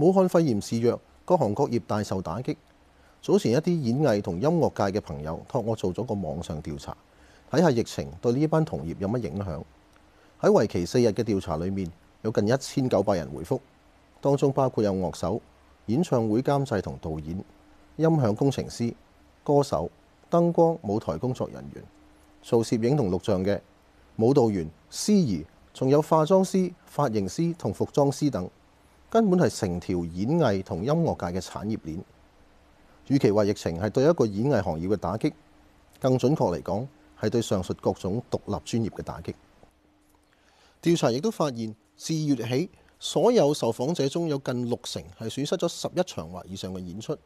武漢肺炎肆虐，各行各業大受打擊。早前一啲演藝同音樂界嘅朋友託我做咗個網上調查，睇下疫情對呢班同業有乜影響。喺為期四日嘅調查裏面，有近一千九百人回覆，當中包括有樂手、演唱會監製同導演、音響工程師、歌手、燈光舞台工作人員、做攝影同錄像嘅舞蹈員、司儀，仲有化妝師、髮型師同服裝師等。根本係成條演藝同音樂界嘅產業鏈。與其話疫情係對一個演藝行業嘅打擊，更準確嚟講係對上述各種獨立專業嘅打擊。調查亦都發現，自月起，所有受訪者中有近六成係損失咗十一場或以上嘅演出，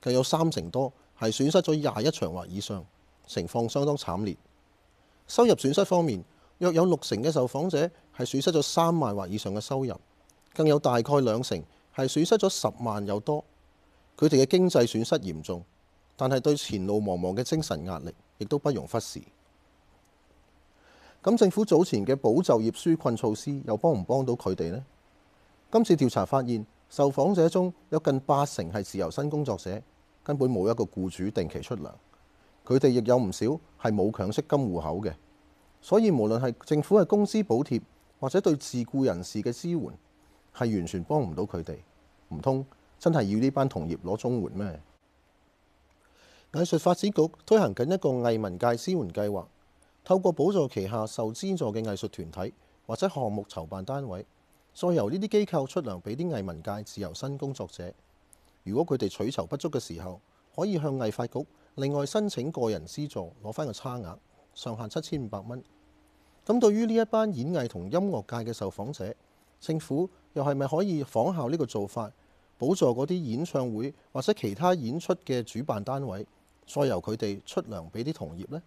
更有三成多係損失咗廿一場或以上，情況相當慘烈。收入損失方面，約有六成嘅受訪者係損失咗三萬或以上嘅收入。更有大概兩成係損失咗十萬又多，佢哋嘅經濟損失嚴重，但係對前路茫茫嘅精神壓力，亦都不容忽視。咁政府早前嘅保就業紓困措施又幫唔幫到佢哋呢？今次調查發現，受訪者中有近八成係自由身工作者，根本冇一個僱主定期出糧，佢哋亦有唔少係冇強積金戶口嘅，所以無論係政府嘅工資補貼，或者對自僱人士嘅支援。係完全幫唔到佢哋，唔通真係要呢班同業攞綜援咩？藝術發展局推行緊一個藝文界支援計劃，透過補助旗下受資助嘅藝術團體或者項目籌辦單位，再由呢啲機構出糧俾啲藝文界自由身工作者。如果佢哋取酬不足嘅時候，可以向藝發局另外申請個人資助攞翻個差額，上限七千五百蚊。咁對於呢一班演藝同音樂界嘅受訪者，政府。又係咪可以仿效呢個做法，補助嗰啲演唱會或者其他演出嘅主辦單位，再由佢哋出糧俾啲同業呢？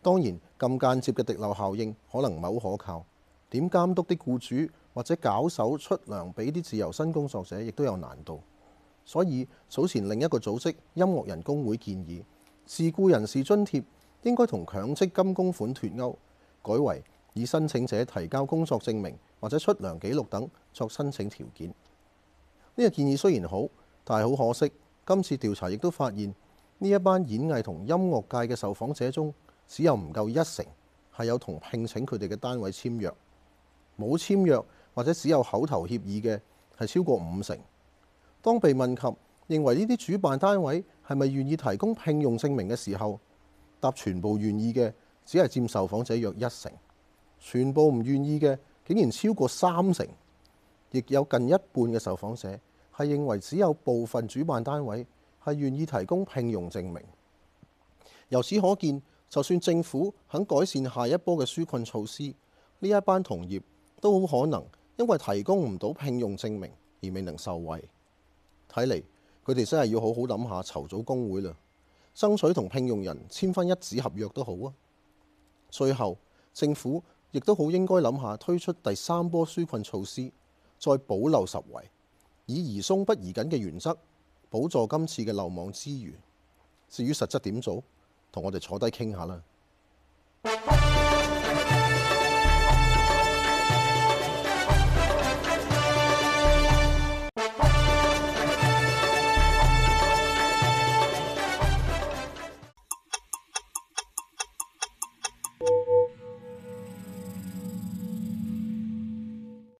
當然，咁間接嘅滴漏效應可能唔係好可靠。點監督啲僱主或者搞手出糧俾啲自由身工作者，亦都有難度。所以早前另一個組織音樂人工會建議，自僱人士津貼應該同強積金供款脫鈎，改為以申請者提交工作證明或者出糧記錄等作申請條件。呢個建議雖然好，但係好可惜。今次調查亦都發現，呢一班演藝同音樂界嘅受訪者中，只有唔夠一成係有同聘請佢哋嘅單位簽約，冇簽約或者只有口頭協議嘅係超過五成。當被問及認為呢啲主辦單位係咪願意提供聘用證明嘅時候，答全部願意嘅只係佔受訪者約一成。全部唔願意嘅，竟然超過三成，亦有近一半嘅受訪者係認為只有部分主辦單位係願意提供聘用證明。由此可見，就算政府肯改善下一波嘅紓困措施，呢一班同業都好可能因為提供唔到聘用證明而未能受惠。睇嚟佢哋真係要好好諗下籌組工會啦，爭取同聘用人簽返一紙合約都好啊。最後，政府。亦都好應該諗下推出第三波紓困措施，再保留十圍，以宜鬆不宜緊嘅原則，補助今次嘅漏網之魚。至於實質點做，同我哋坐低傾下啦。